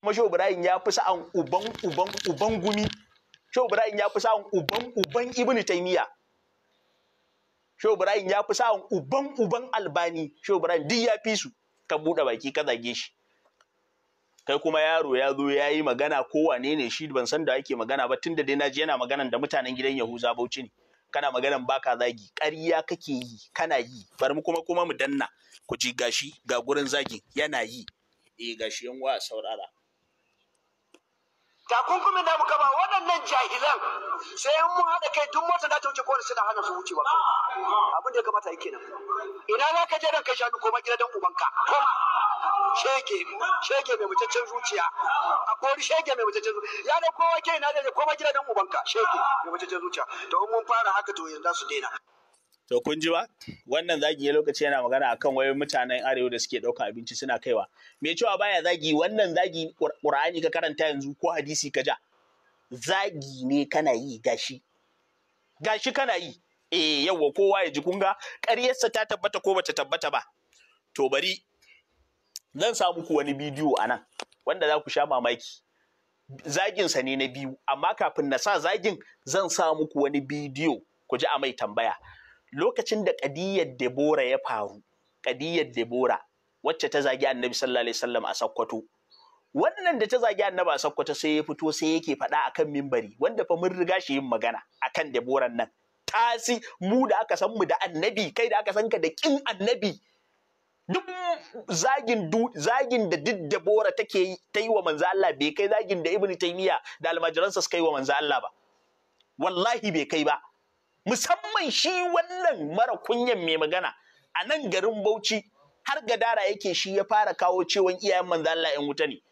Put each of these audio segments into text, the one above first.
kuma shehu ibrahim ya fi sa'an uban uban uban gumi shehu ibrahim ya fi sa'an uban uban Ibn taymiya shehu ibrahim ya fi sa'an uban uban albani shehu ibrahim duk ya fi su ka buɗe baki ka zage shi kai kuma yaro ya zo ya yi magana ko wane ne shi ban san da ake magana ba tunda dai naji yana maganan da mutanen gidan yahuza bauchi ne kana maganan baka zagi ƙarya kake yi kana yi bari mu kuma kuma mu danna ku ji gashi ga gurin zagi yana yi eh gashi yan wa saurara takunkumin da muka ba waɗannan jahilan sai an mun haɗa kai duk mota da ta wuce kowace da hana su wuce ba abin da ya kamata yake nan ina za ka je dan kai shanu koma gidan dan ubanka koma shege shege mai mutaccen zuciya a kori shege mai mutaccen zuciya ya da kowa ke ina da koma gidan dan ubanka shege mai mutaccen zuciya to mun fara haka to yanzu za su daina To kun ji ba? Wannan zagi ya lokaci yana magana a kan wayoyin mutanen arewa da suke ɗauka abinci suna kaiwa. Me cewa baya zagi wannan zagi Qur'ani ka karanta yanzu ko hadisi ka ja. Zagi ne kana yi gashi. Gashi kana yi. Eh yawwa kowa ya ji kunga ƙaryarsa ta tabbata ko bata tabbata ba. To bari zan sa muku wani bidiyo a nan wanda za ku sha mamaki. Zaginsa ne na biyu amma kafin na sa zagin zan sa muku wani bidiyo ku ji a mai tambaya. lokacin da ƙadiyyar Debora ya faru ƙadiyar Debora wacce ta zagi annabi sallallahu alaihi wasallam a Sokoto wannan da ta zagi annabi a Sokoto sai ya fito sai yake faɗa akan mimbari wanda fa mun riga shi yin magana akan Deboran nan tasi mu da aka san mu da annabi kai da aka san ka da kin annabi duk zagin zagin da duk Debora take ta yi wa manzo Allah bai kai zagin da Ibn Taymiyyah da almajiransa suka yi wa manzo Allah ba wallahi bai kai ba musamman shi wannan mara kunyan mai magana a nan garin Bauchi har gadara yake shi ya fara kawo cewa iyayen manzan Allah ƴan wuta ne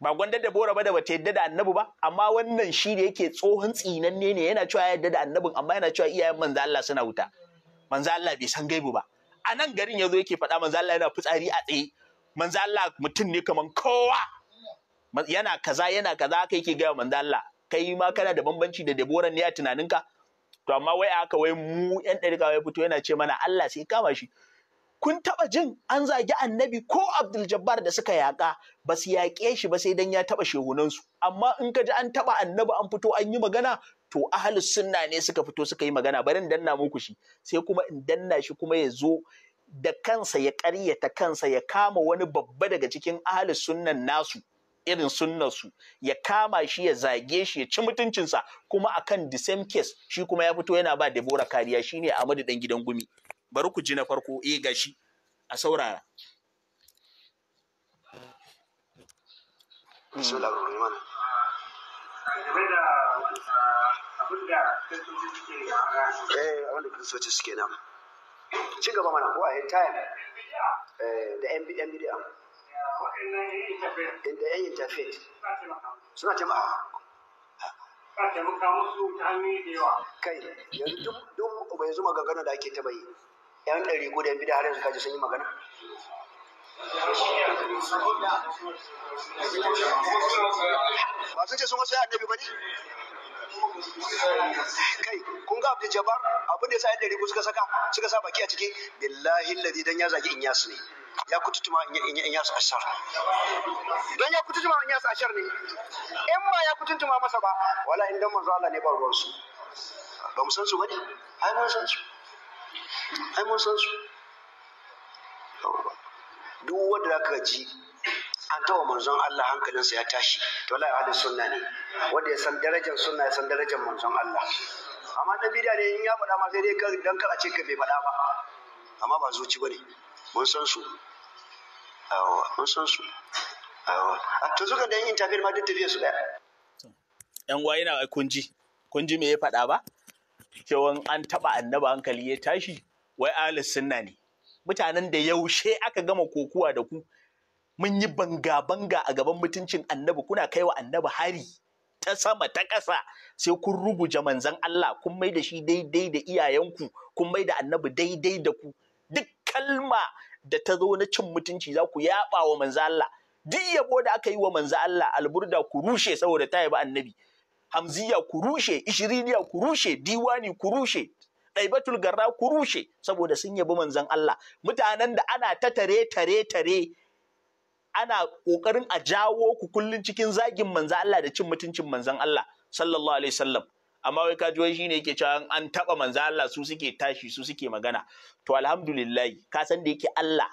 ba gwanda da bora ba da bata yadda da annabu ba amma wannan shi da yake tsohon tsinanne ne yana cewa yadda da annabin amma yana cewa iyayen manzan Allah suna wuta Manzan Allah bai san gaibu ba a nan garin yazo yake faɗa manzan Allah yana fitsari a tsaye Manzan Allah mutum ne kaman kowa yana kaza yana kaza haka yake gaya manzan Allah kai ma kana da bambanci da Deborah ne a tunaninka to amma wai aka wai mu yan ɗarika wai fito yana ce mana Allah sai kama shi kun taɓa jin an zagi annabi ko Abdul Jabbar da suka yaƙa ba su yaƙe shi ba sai dan ya taba shehunansu amma in ka ji an taɓa annabi an fito an yi magana to ahlus sunna ne suka fito suka yi magana bari in danna muku shi sai kuma in danna shi kuma ya zo da kansa ya ƙaryata kansa ya kama wani babba daga cikin ahlus sunnan nasu irin sunnarsu ya kama shi ya zage shi ya ci mutuncinsa kuma akan the same case shi kuma ya fito yana ba Deborah kariya shine Ahmadu dan gidan gumi bari ku ji na farko eh gashi a saurara Bismillahirrahmanirrahim. suke eh abin da kristoci suke Ci gaba mana ko a yi time eh, da MBDM. inda yan interfaith suna taimakawa ka taimaka musu ta hanyoyi da yawa kai yanzu duk yanzu maganganu da ake taba yi yan ɗari ko da yan bida har yanzu kaji sun yi magana ba sun ce sun wasu annabi ba ne kai kun ga abdul jabbar abin da ya sa yan dariku suka saka suka sa baki a ciki billahi alladhi dan ya zagi in yasu ne ya ma in yasu ashar dan ya ma in yasu ashar ne in ba ya ma masa ba wala in dan manzo Allah ne ba ruwan su ba mu san su bane ai mun san su ai mun san su duk wanda zaka ji an taɓa manzon Allah hankalinsa ya tashi to wallahi ahlus sunna ne wanda ya san darajar sunna ya san darajar manzon Allah amma dan bid'a ne in ya faɗa ma sai dai kar dan kar a ce ka bai faɗa ba amma ba zuci bane mun san su awa mun san su awa to zuka dan interview ma duk tafiyar su daya yan gwa yana kun ji me ya faɗa ba cewa an taɓa annaba hankali ya tashi wai ahlus sunna ne mutanen da yaushe aka gama kokuwa da ku mun yi banga-banga a gaban mutuncin annabi kuna kai wa annabi hari ta sama ta ƙasa sai kun ruguje manzan Allah kun mai da shi daidai da iyayenku kun mai da annabi daidai da ku duk kalma da ta zo na cin mutunci za ku yaɓa wa manzan Allah duk yabo da aka yi wa manzan Allah alburda ku rushe saboda ta yaba annabi hamziya ku rushe ishiriniya ku rushe diwani ku rushe ɗaibatul garra ku rushe saboda sun yabi manzan Allah mutanen da ana ta tare tare tare ana kokarin a jawo ku kullum cikin zagin manza Allah da cin mutuncin manzon Allah sallallahu alaihi wasallam amma wai kaji wai shine yake cewa an taba manzo Allah su suke tashi su suke magana to alhamdulillah ka san da yake Allah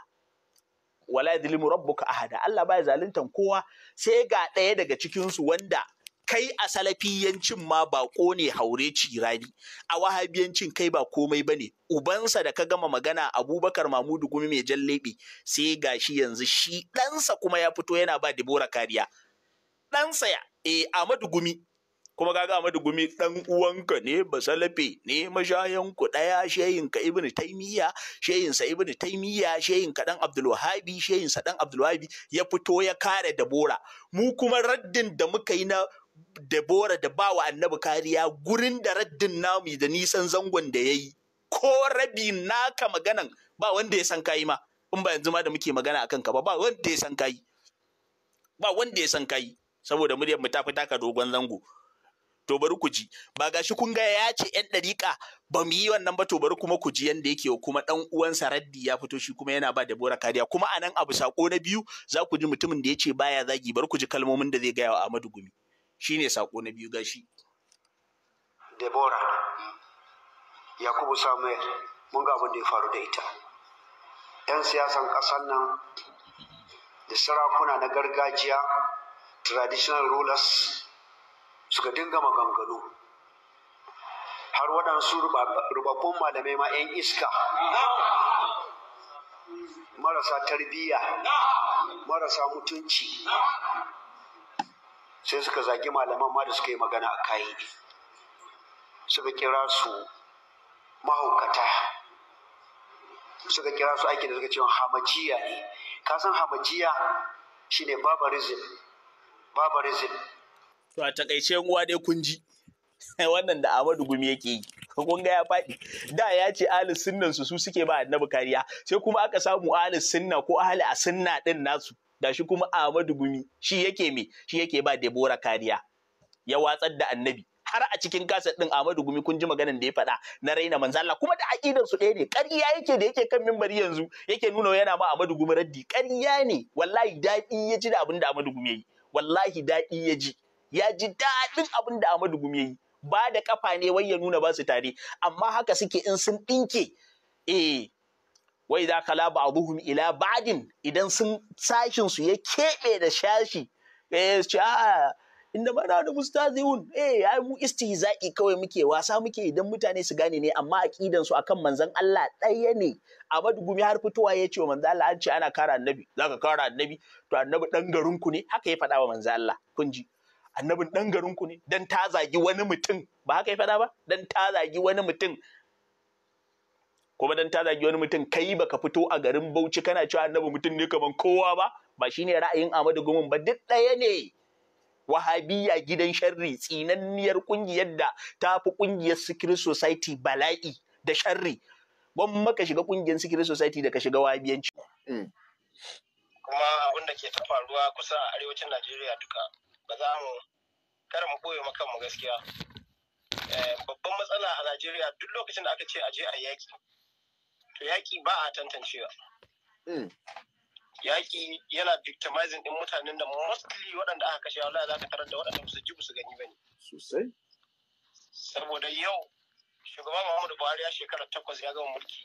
wala yadhlimu rabbuka ahada Allah baya zaluntar kowa sai ga ɗaya daga cikin su wanda kai a salafiyancin ma ba ne haure cirani a wahabiyancin kai ba komai ba ne ubansa da ka gama magana abubakar mamudu gumi mai jallebe sai gashi yanzu shi ɗansa kuma ya fito yana ba dibora kariya ɗansa ya e eh, amadu gumi kuma kaga amadu gumi ɗan uwanka ne ba salafe ne ku ɗaya sheyinka ibnu taimiyya sheyinsa ibnu taimiyya sheyinka ɗan abdulwahabi sheyinsa ɗan abdulwahabi ya fito ya kare dabora mu kuma raddin da muka yi na Debora da bawa annabi kariya gurin da raddin nami da nisan zangon da ya yi ko rabi naka maganan ba wanda ya san kayi ma in ba yanzu ma da muke magana a kanka ba ba wanda ya san kayi ba wanda ya san kayi saboda muryar mu ta fi taka dogon zango to bari ku ji ba gashi kun ga ya ce yan dariƙa ba mu yi wannan ba to bari kuma ku ji yanda yake kuma dan uwansa raddi ya fito shi kuma yana ba da bora kariya kuma a nan abu sako na biyu za ku ji mutumin da ya ce baya zagi bari ku ji kalmomin da zai gaya wa Ahmadu Gumi shine sako na biyu gashi Debora Yakubu Samuel mun ga abin da ya faru da ita yan siyasan ƙasar nan da sarakuna na gargajiya traditional rulers suka dinga maganganu har waɗansu rubabbun malamai ma 'yan iska marasa tarbiyya marasa mutunci sai suka zagi malaman ma da suka yi magana a kayi suka kira su mahaukata suka kira su aiki da suka cewa hamajiya ne kasan hamajiya shine barbarism barbarism to a takaice uwa dai kun ji wannan da Amadu Gumi yake yi kun ga ya faɗi da ya ce ahli sunnan su su suke ba annabi kariya sai kuma aka samu ahli sunna ko ahli asunna din nasu Da shi kuma Ahmadu Gumi shi yake me shi yake ba Debora kariya ya watsar da annabi har a cikin kaset din Ahmadu Gumi kun ji maganan da ya faɗa na raina manzo Allah kuma da aqidar su ɗaya ne ƙarya yake da yake kan mimbari yanzu yake nuna yana ma Ahmadu Gumi raddi ƙarya ne wallahi daɗi ya ji da abin da Ahmadu Gumi yayi wallahi daɗi ya ji ya ji daɗin abin da Ahmadu Gumi yayi ba da kafa ne wai ya nuna ba su tare amma haka suke in sun ɗinke eh Wai ka laba a ba'dhum ila ba'din idan sun sashin su ya keɓe da shashi eh ce a inda na da zihun eh ai mu istihza'i kawai muke wasa muke idan mutane su gane ne amma aqidan su akan manzon Allah ɗaya ne A Madugumi har fitowa ya ce wa manzon Allah an ce ana kara annabi zaka kara annabi to annabi dan garin ku ne haka ya faɗa wa manzon Allah kun ji annabin dan garin ku ne dan ta zagi wani mutum ba haka ya faɗa ba dan ta zagi wani mutum kuma dan ta zagi wani mutum kai baka fito a garin Bauchi kana cewa annabi mutum ne kaman kowa ba ba shine ra'ayin Ahmadu Gumin ba duk ɗaya ne wahabiya gidan sharri tsinanniyar kungiyar da ta fi kungiyar Secret Society bala'i da sharri ban ka shiga kungiyar Secret Society da ka shiga wahabiyanci mm. kuma abin da ke ta faruwa kusa a arewacin Najeriya duka ba za mu kar mu koyo maka mu gaskiya eh, babban matsala a Najeriya duk lokacin da aka ce a je a yaki to yaƙi ba a tantancewa mm. yaƙi yana victimizing ɗin mutanen da mostly waɗanda aka kashe Allah za ka tarar da waɗanda su ji su gani ba ne sosai saboda yau shugaba Muhammadu Buhari ya shekara takwas ya gama mulki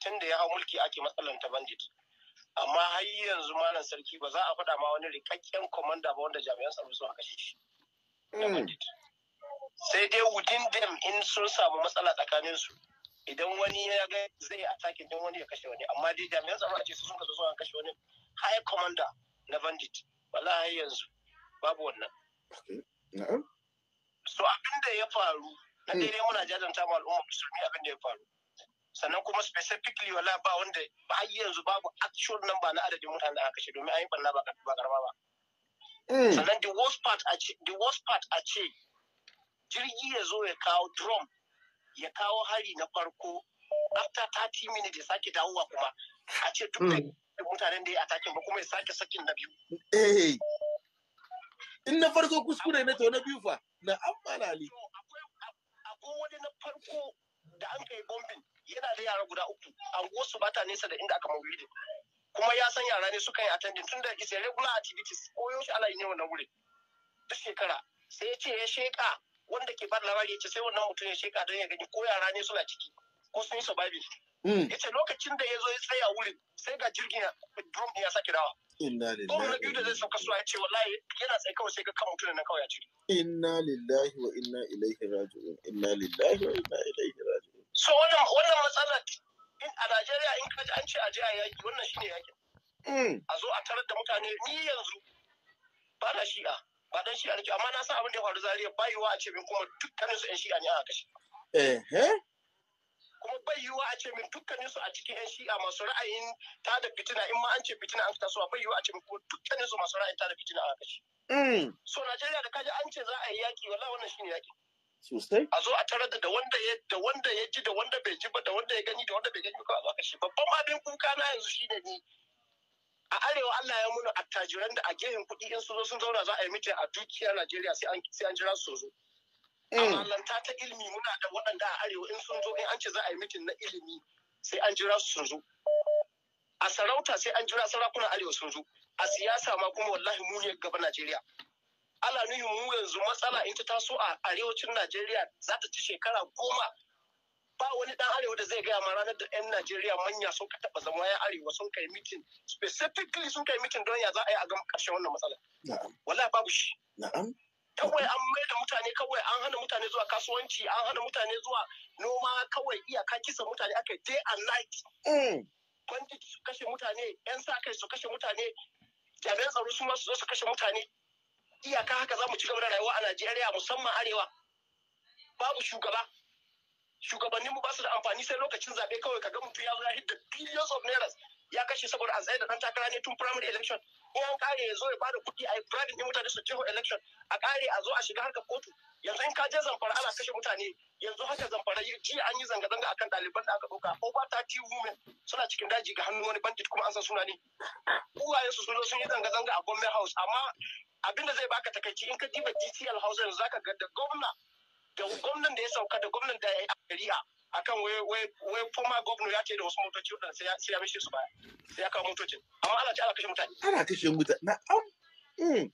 tun da ya hau mulki ake matsalan ta bandit amma har yanzu malam sarki ba za a faɗa ma wani rikakken komanda ba wanda jami'an tsaro sun kashe shi mm. sai dai within them in sun samu matsala tsakaninsu idan wani ya ga zai a sake din wani ya kashe wani amma dai jami'an tsaro a ce su sun zo a kashe wani high commander na bandit wallahi yanzu babu wannan so abin da ya faru na hmm. dai muna jajanta ma al'umma musulmi abin da ya faru sannan kuma specifically wala ba wanda har yanzu babu actual number na adadin mutanen da aka kashe domin ayi yi barna ba ba karama ba hmm. sannan the worst part a ce jirgi ya zo ya kawo drone. ya kawo hari na farko after 30 minutes ya sake dawowa kuma a ce duk hmm. da mutanen da ya atakin ba kuma ya sake sakin na biyu. Eh. In na farko kuskure na to na biyu fa na amfana ali. Akwai wani na farko da an kai bombin yana da yara guda uku anguwar su bata nesa da inda aka mawuyi kuma ya san yara ne suka yi attending tun da is regular activities ko yaushe ana yi ne wannan wuri duk shekara sai ya ce ya sheka wanda ke bada labari ya ce sai wannan mutum ya sheka don ya gani ko yara ne suna ciki ko sun yi surviving hmm. ya ce lokacin da ya zo ya tsaya wurin sai ga jirgin drum ya sake dawa ko na biyu da zai sauka su ya ce wallahi yana tsaye kawai sai ga kan mutum nan kawai ya ciki inna lillahi wa inna ilaihi raji'un inna lillahi wa inna ilaihi raji'un so wannan wannan matsalar in a Najeriya in ji an ce a je a yaki wannan shine yakin hmm. a zo a tarar da mutane ni yanzu ba na shi'a ba dan shi'a nake amma na san abin da ya faru zariya bai yiwa a ce min kuma dukkanin su yan shi'a ne aka kashe eh kuma bai yiwa a ce min dukkanin su a cikin yan shi'a masu ra'ayin ta da fitina in ma an ce fitina an tasowa bai yiwa a ce min kuma dukkanin su masu ra'ayin ta da fitina aka kashe mm. so Najeriya da kaji an ce za a yi yaki wala wannan shine yaki sosai a zo a tarar da wanda ya da wanda ya ji da wanda bai ji ba da wanda ya gani da wanda bai gani ba a kashe babban abin kuka na yanzu shine ni a arewa Allah ya muna attajiran da a gehen kuɗi in su zo sun zauna za a yi mitin a dukiyar Najeriya sai an sai an jira su zo eh. amma lanta ta ilimi muna da waɗanda a arewa in sun zo in an ce za a yi mitin na ilimi sai an jira su zo a sarauta sai an jira sarakunan arewa sun zo a siyasa ma kuma wallahi mu ne gaba Najeriya ala nuhin mu yanzu matsala in ta taso a arewacin Najeriya za ta ci shekara goma ba wani dan arewa da zai gaya ma ranar da 'yan Najeriya manya sun ka taba zama ya arewa sun kai mitin specifically sun kai mitin don ya za a yi a gama ƙarshen wannan matsala. Wala babu shi. Kawai an mai da mutane kawai an hana mutane zuwa kasuwanci an hana mutane zuwa noma kawai iyaka kisa mutane aka day and night. Kwantiti mm. su kashe mutane, 'yan sa kai su kashe mutane, jami'an tsaro su ma su zo su kashe mutane. Iyaka haka za mu ci gaba da rayuwa a Najeriya musamman arewa. Babu shugaba. shugabannin mu ba su da amfani sai lokacin zabe kawai kaga mutum ya zo hidda billions of naira ya kashe saboda a tsaye da dan takara ne tun primary election in an kare ya zo ya bada kuɗi a yi bribing din mutane su jiho election a kare a zo a shiga harkar kotu yanzu in ka je zamfara ana kashe mutane yanzu haka zamfara jiya an yi zanga-zanga akan ɗaliban da aka ɗauka over thirty women suna cikin daji ga hannu wani bandit kuma an san suna ne uwaye sun sun yi zanga-zanga a government House amma abinda zai baka takaici in ka diba DTL House yanzu zaka ga da gwamna da gwamnan da ya sauka da gwamnan da ya yi a akan wai former governor ya ce da wasu motoci wadanda sai ya mishe su baya sai ya kawo motocin amma ana ce ana kashe mutane ana kashe mutane na am hmm.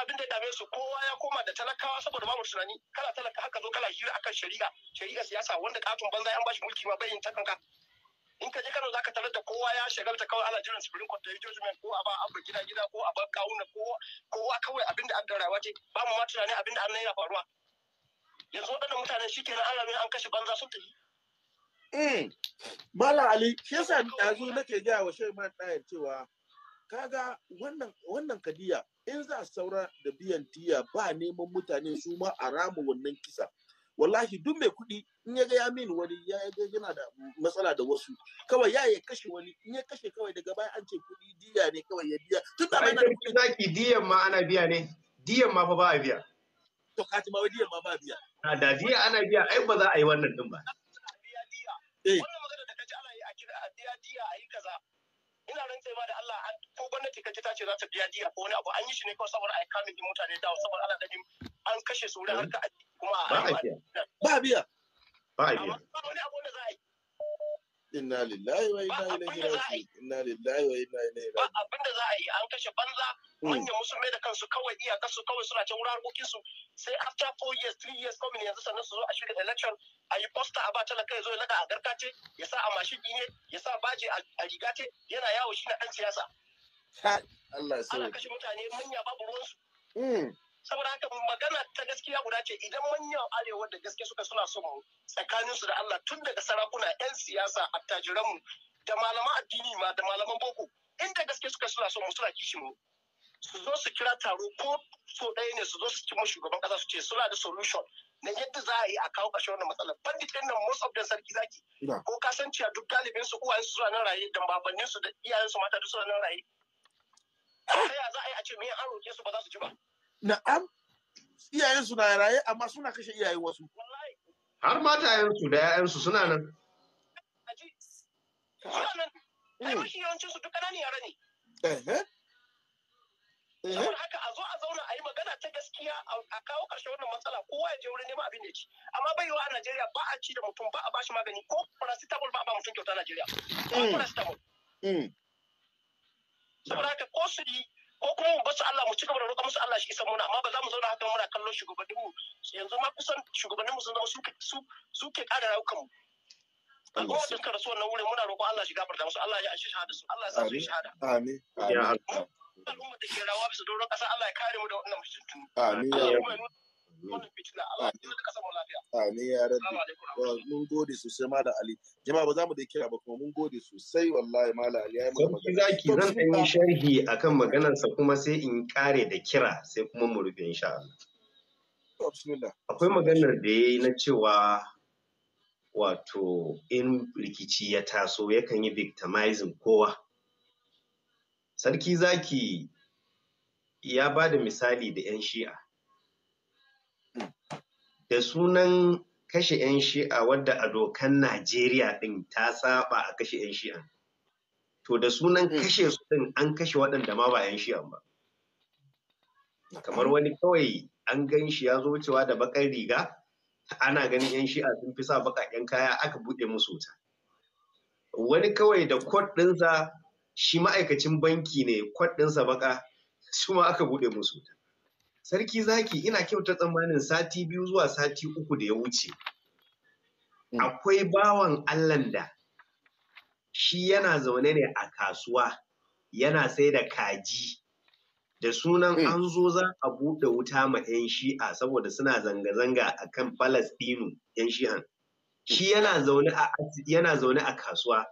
abin da dame su kowa ya koma da talakawa saboda babu tunani Kala talaka haka zo kala hira akan shari'a shari'a siyasa wanda katon banza yan bashi mulki ma bayin ta kanka in ka je Kano za ka tarar da kowa ya shagalta kawai ana jiran Supreme Court da judgment ko a ba abu gida gida ko a ba kawuna ko kowa kawai abinda an da rayuwa ce ba mu ma tunanin abinda an yana faruwa yanzu waɗannan mutanen shi kenan an rame an kashe banza sun tafi eh, Malam Ali, shi yasa ɗazu nake gaya wa Shaiman Ɗayar cewa kaga wannan wannan kadiya in za saura da biyan diya ba neman mutane su ma a rama wannan kisa wallahi duk mai kuɗi in ya ga ya min wani ya ga yana da matsala da wasu kawai ya ya kashe wani in ya kashe kawai daga baya an ce kuɗi diya ne kawai ya biya tun da bai da kuɗi zaki diyan ma ana biya ne diyan ma fa ba a biya to kati ma wani diyan ma ba a biya a ah, da diya ana biya ai ba za a yi wannan din ba eh wannan magana da kaji ana yi a kira a diya diya a yi kaza ina rantse ma da Allah ko gwamnati kace ta ce za ta biya diya ko wani abu an yi shi ne kawai saboda a kamin din mutane dawo saboda Allah ganin an kashe su wurin harka kuma ba biya ba biya ba biya wani abu da za a yi inna lillahi wa inna ilaihi raji'un inna lillahi wa inna ilaihi raji'un ba abinda za a yi an kashe banza hmm. manyan musulmai da kansu kawai iyakar su kawai suna can wurin harkokin su sai after four years three years coming yanzu sannan su zo a shirya election a yi poster a ba talaka ya zo ya naga a garkace ya sa a mashin ne ya sa baje a riga ce yana yawo shi na dan siyasa Allah ya sauke ana kashe mutane manya babu ruwansu hmm. saboda haka magana ta gaskiya guda ce idan manyan arewa da gaske suka suna son mu tsakanin su da Allah tun daga sarakuna yan siyasa attajiran mu da malaman addini ma da malaman boko inda gaske suka suna son mu suna kishi mu su zo su kira taro ko so ɗaya ne su zo su kima shugaban ƙasa su ce suna da solution na yadda za a yi a kawo ƙarshen wannan matsalar bandit ɗin nan most of them sarki zaki ko ka san cewa duk galibin su uwayen su suna nan raye da babannin su da iyayen su mata duk suna nan raye ta ya za a yi a ce me an roke su ba za su ji ba na'am iyayensu na raye amma suna kashe iyayen wasu har matayen su da yayan su suna nan ai mafi yawancin su duk ƙananan yara ne saboda haka a zo a zauna a yi magana ta gaskiya a kawo ƙarshe wannan matsala kowa ya je wurin neman abin da ya ci amma bai a Najeriya ba a ci da mutum ba a ba shi magani ko paracetamol ba a ba mutum kyauta a Najeriya ko mm. paracetamol mm. saboda haka ko su yi ko kuma mu basu Allah mu ci gaba da roƙa musu Allah shi isa muna amma ba za mu zauna haka muna kallon shugabannin mu yanzu ma kusan shugabannin mu sun zama su suke ƙara rayukan mu kuma da suka rasu wannan wurin muna roƙon Allah shi gafarta musu Allah ya ashe shahada su Allah ya sa su shahada amin amin al'umma da ke rawa bisa doron ƙasa Allah ya kare mu da wannan amin ya wannan amin ya rabbi mun gode sosai ali jama'a ba za mu da kira ba kuma mun gode sosai wallahi ali mana magana zaki zan yi sharhi akan maganarsa kuma sai in kare da kira sai kuma mu rufe insha Allah akwai maganar da yayi na cewa wato in rikici ya taso yakan yi victimizing kowa sarki zaki ya ba da misali da 'yan shi'a da sunan kashe 'yan shi'a wadda a dokan Najeriya ɗin ta saba a kashe 'yan shi'a. To da sunan mm. kashe su ɗin an kashe waɗanda ma ba 'yan shi'a ba. Kamar wani kawai an gan shi ya zo cewa da bakar riga, ana ganin 'yan shi'a sun fi sa baƙaƙen kaya aka buɗe musu wuta. Wani kawai da kwat ɗinsa shi ma'aikacin banki ne kwat ɗinsa baka su ma aka buɗe musu wuta. sarki zaki ina kyauta tsammanin sati biyu zuwa sati uku da ya wuce hmm. akwai bawan allan da shi yana zaune ne a kasuwa yana sai da kaji da sunan hmm. an zo za a buɗe wuta ma 'yan shi'a saboda suna zanga-zanga a kan falastinu 'yan shi'an shi hmm. yana zaune a kasuwa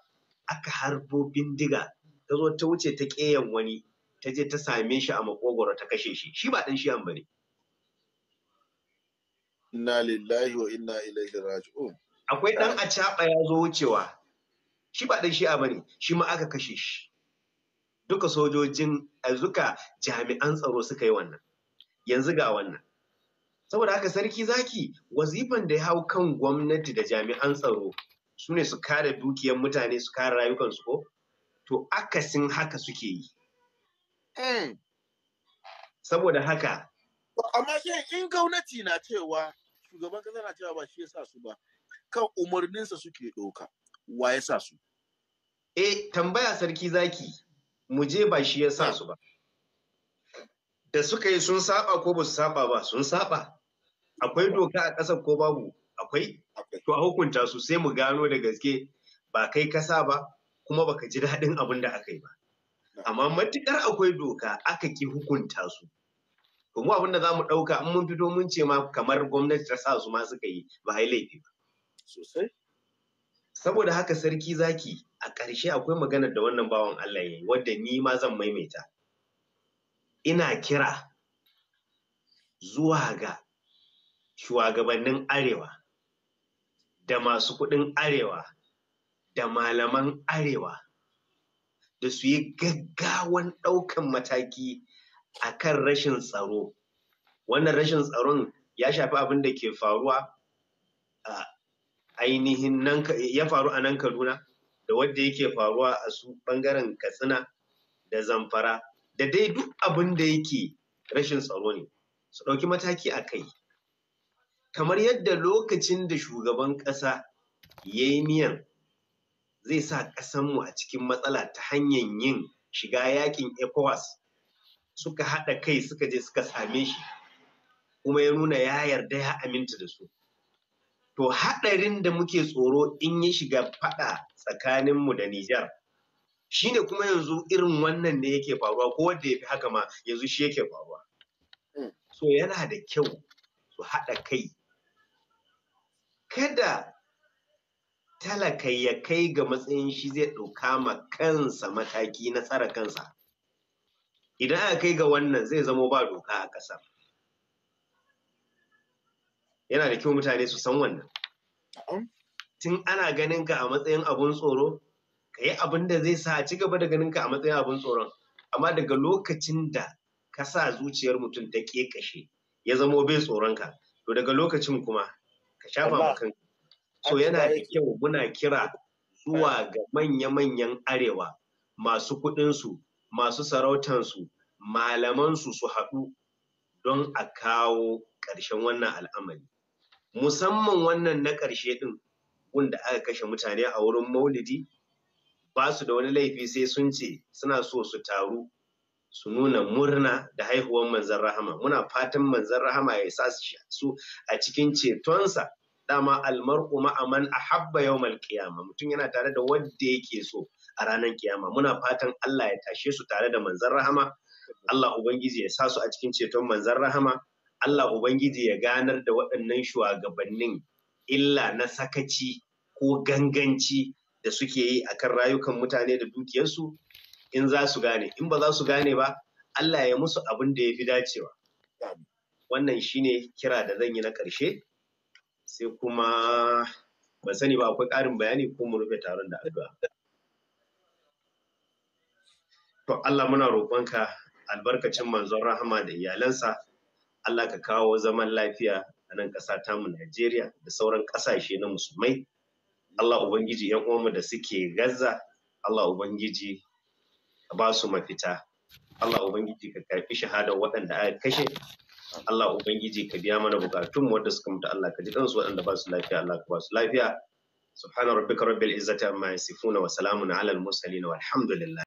aka harbo bindiga ta zo ta wuce ta ƙeyan wani ta je ta same shi a makogoro ta kashe shi shi ba dan an bane inna lillahi wa inna ilaihi raji'un akwai dan acaba ya zo wucewa shi ba dan a bane shi ma aka kashe shi duka sojojin azuka eh, jami'an tsaro suka yi wannan yanzu ga wannan saboda haka sarki zaki wazifan da ya hau kan gwamnati da jami'an tsaro su ne su kare dukiyar mutane su kare rayukansu ko to akasin haka suke yi Mm. Saboda haka. Amma shi in gwamnati na cewa shugaban kasa na cewa ba shi ya su ba kan umarninsa suke ɗauka wa ya su. E tambaya sarki zaki mu je ba shi ya su ba. Da suka yi sun saba ko ba su saba ba sun saba. Akwai doka a ƙasar ko babu akwai to a hukunta su sai mu gano da gaske ba kai kasa ba kuma baka ji daɗin abin da aka yi ba. amma matukar akwai doka aka ki hukunta su to mu abin da za mu ɗauka in mun fito mun ce ma kamar gwamnati ta sa su ma suka yi ba a laifi ba sosai saboda haka sarki zaki a ƙarshe akwai maganar da wannan bawan Allah ya yi wadda ni ma zan maimaita ina kira zuwa ga shugabannin arewa da masu kuɗin arewa da malaman arewa da su yi gaggawan ɗaukan mataki a kan rashin tsaro wannan rashin tsaron ya shafi abin da ke faruwa a ainihin ya faru a nan kaduna da wadda yake faruwa a su ɓangaren katsina da zamfara da dai duk abin da yake rashin tsaro ne su ɗauki mataki a kai kamar yadda lokacin da shugaban ƙasa ya yi miyan zai sa ƙasanmu a cikin matsala ta hanyar yin shiga yakin ECOWAS suka haɗa kai suka je suka same shi kuma ya nuna ya yarda ya aminta da su. To haɗarin da muke tsoro in yi shiga faɗa tsakaninmu da Nijar shine kuma yanzu irin wannan ne yake faruwa ko wanda ya fi haka ma yanzu shi yake faruwa. Hmm. So yana da kyau su haɗa kai. Kada talaka ya kai ga matsayin shi zai ɗauka ma kansa mataki na tsara kansa idan aka kai ga wannan zai zamo ba doka a ƙasa yana da kyau mutane su san wannan tun ana ganin ka a matsayin abun tsoro ka yi abin da zai sa ci gaba da ganin ka a matsayin abun tsoron amma daga lokacin da ka sa zuciyar mutum ta ƙeƙashe ya zamo bai tsoronka, to daga lokacin kuma ka shafa ma kanka so yana da kyau muna kira zuwa ga manya-manyan arewa masu kuɗinsu masu sarautansu malamansu su haɗu don a kawo ƙarshen wannan al'amari musamman wannan na ƙarshe ɗin wanda aka kashe mutane a wurin maulidi ba su da wani laifi sai sun ce suna so su taru su nuna murna da haihuwar manzan rahama muna fatan manzan rahama ya sa su a cikin cetonsa dama almar'u a man yau yawmal qiyama mutum yana tare da wanda yake so a ranar kiyama muna fatan Allah ya tashe su tare da Manzan rahama Allah ubangiji ya sa su a cikin ceton Manzan rahama Allah ubangiji ya ganar da waɗannan shugabannin illa na sakaci ko ganganci da suke yi akan rayukan mutane da dukiyarsu in za su gane in ba za su gane ba Allah ya musu abin da ya fi dacewa wannan shine kira da zan yi na ƙarshe sai kuma ban sani ba akwai ƙarin bayani ko mu rufe taron da addu'a to Allah muna roƙonka albarkacin manzon rahama da iyalansa Allah ka kawo zaman lafiya a nan ƙasa ta mu Najeriya da sauran ƙasashe na musulmai Allah Ubangiji ‘yan uwanmu da suke Gaza, Allah Ubangiji ka ba su mafita, Allah Ubangiji ka karɓi shahadar waɗanda aka kashe, Allah ubangiji ka biya mana bukatun wadda suka mutu Allah ka ji kansu waɗanda ba su lafiya Allah ka ba su lafiya subhana rabbika rabbil izzati amma yasifuna wa salamun alal mursalin walhamdulillah